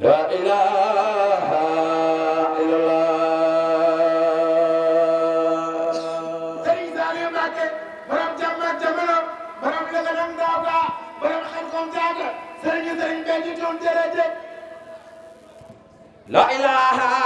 لا إله إلا الله سيد زاري ماكي برام جمع جمعنا برام لغنم دابا برام خلقم جاكا سيد زاري بيجي جون درجة لا إله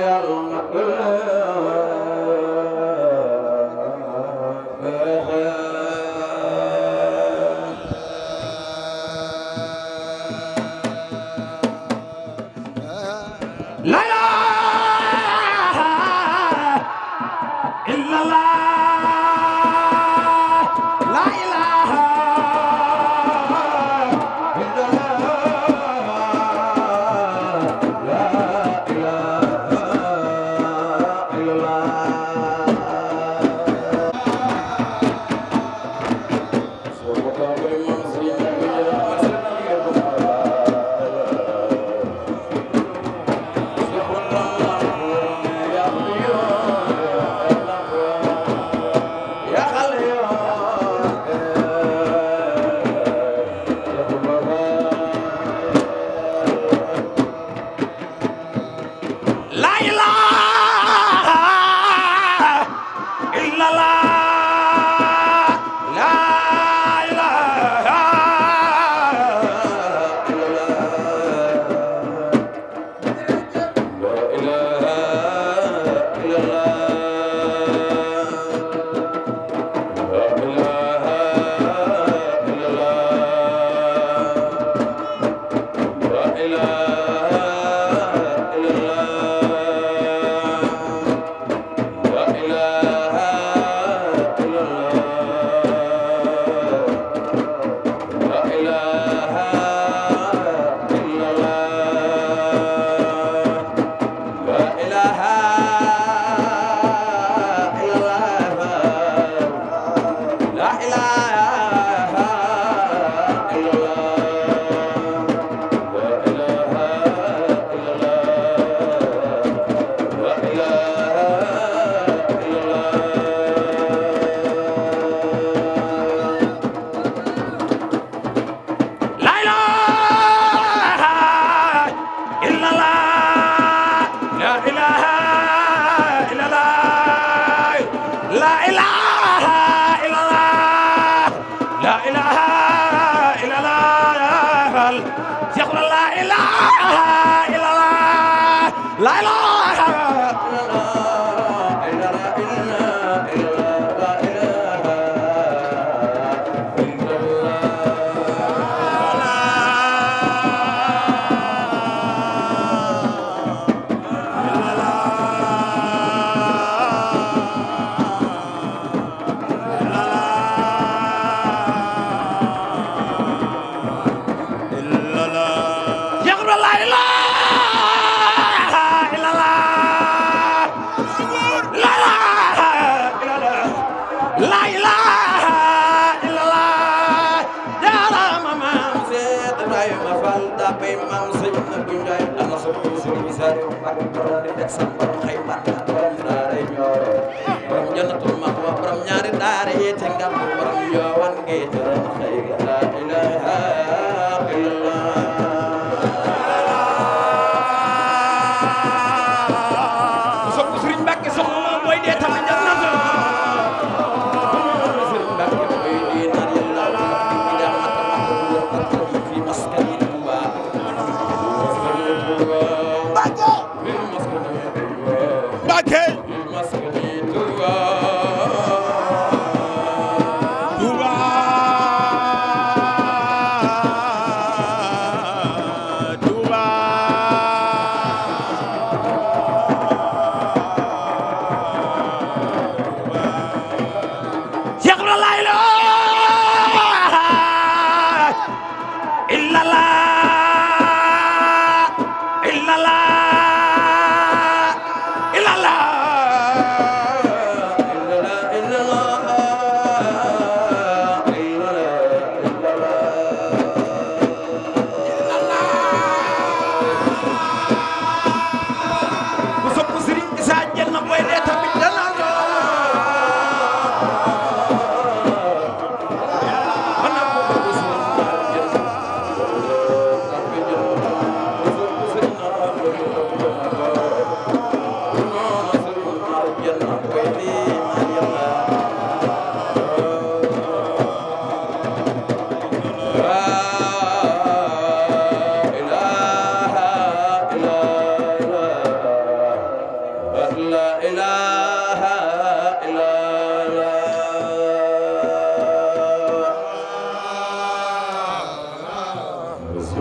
يرمك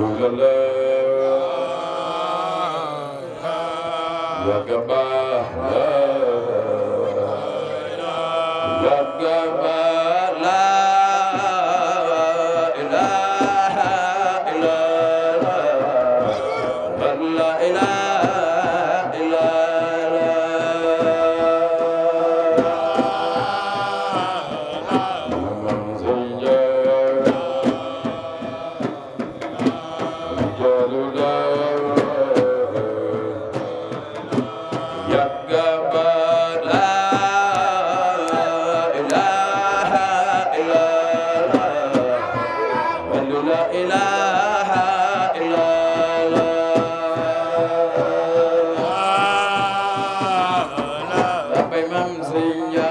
رسول الله لك بحر Savior.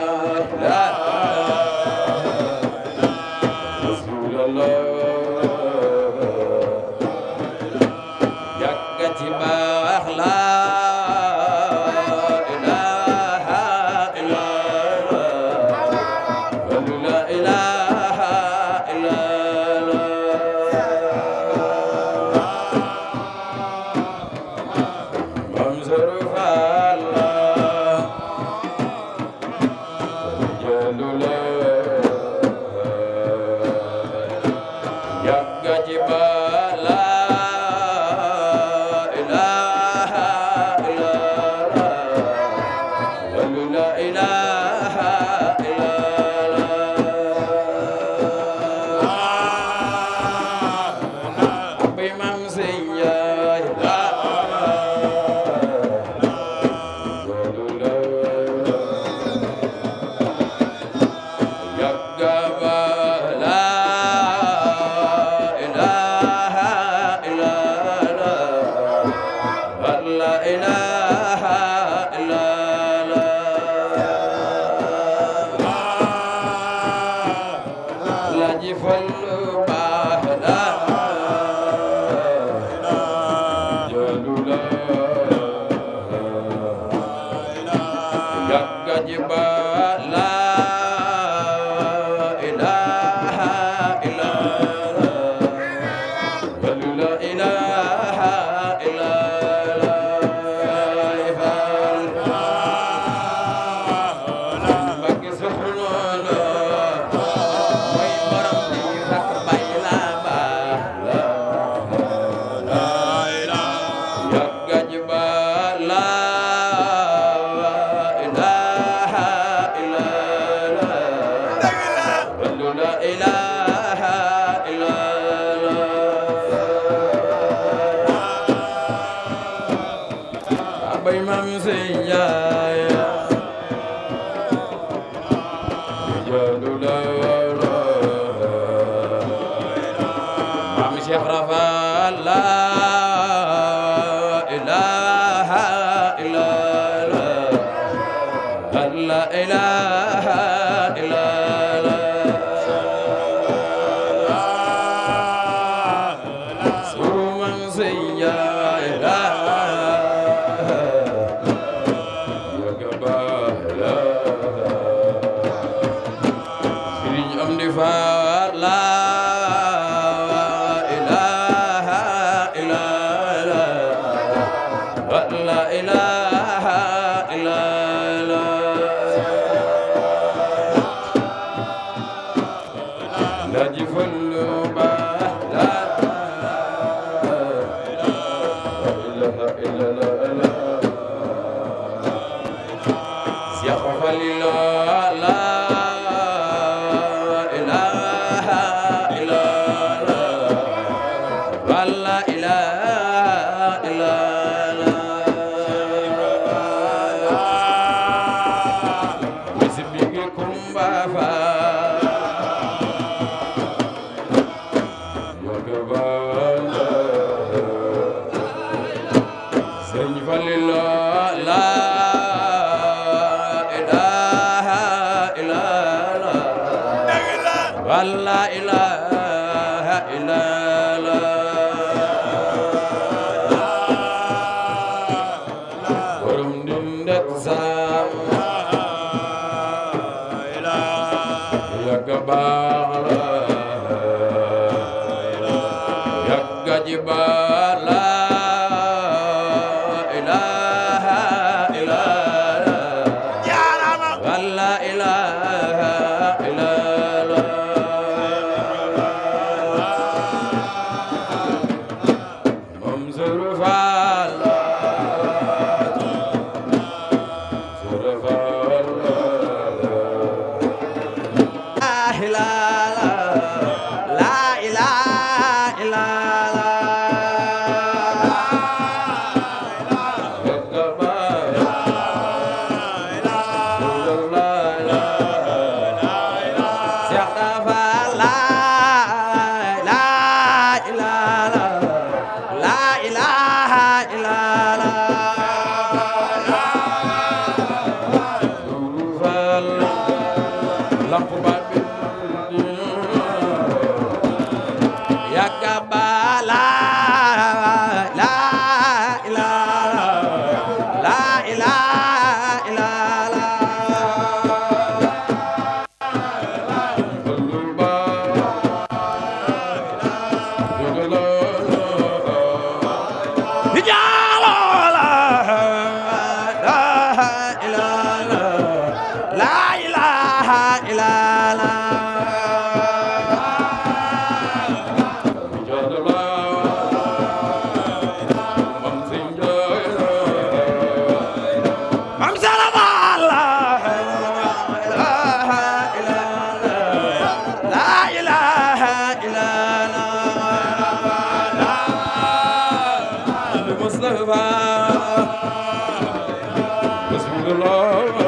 لا Acaba الله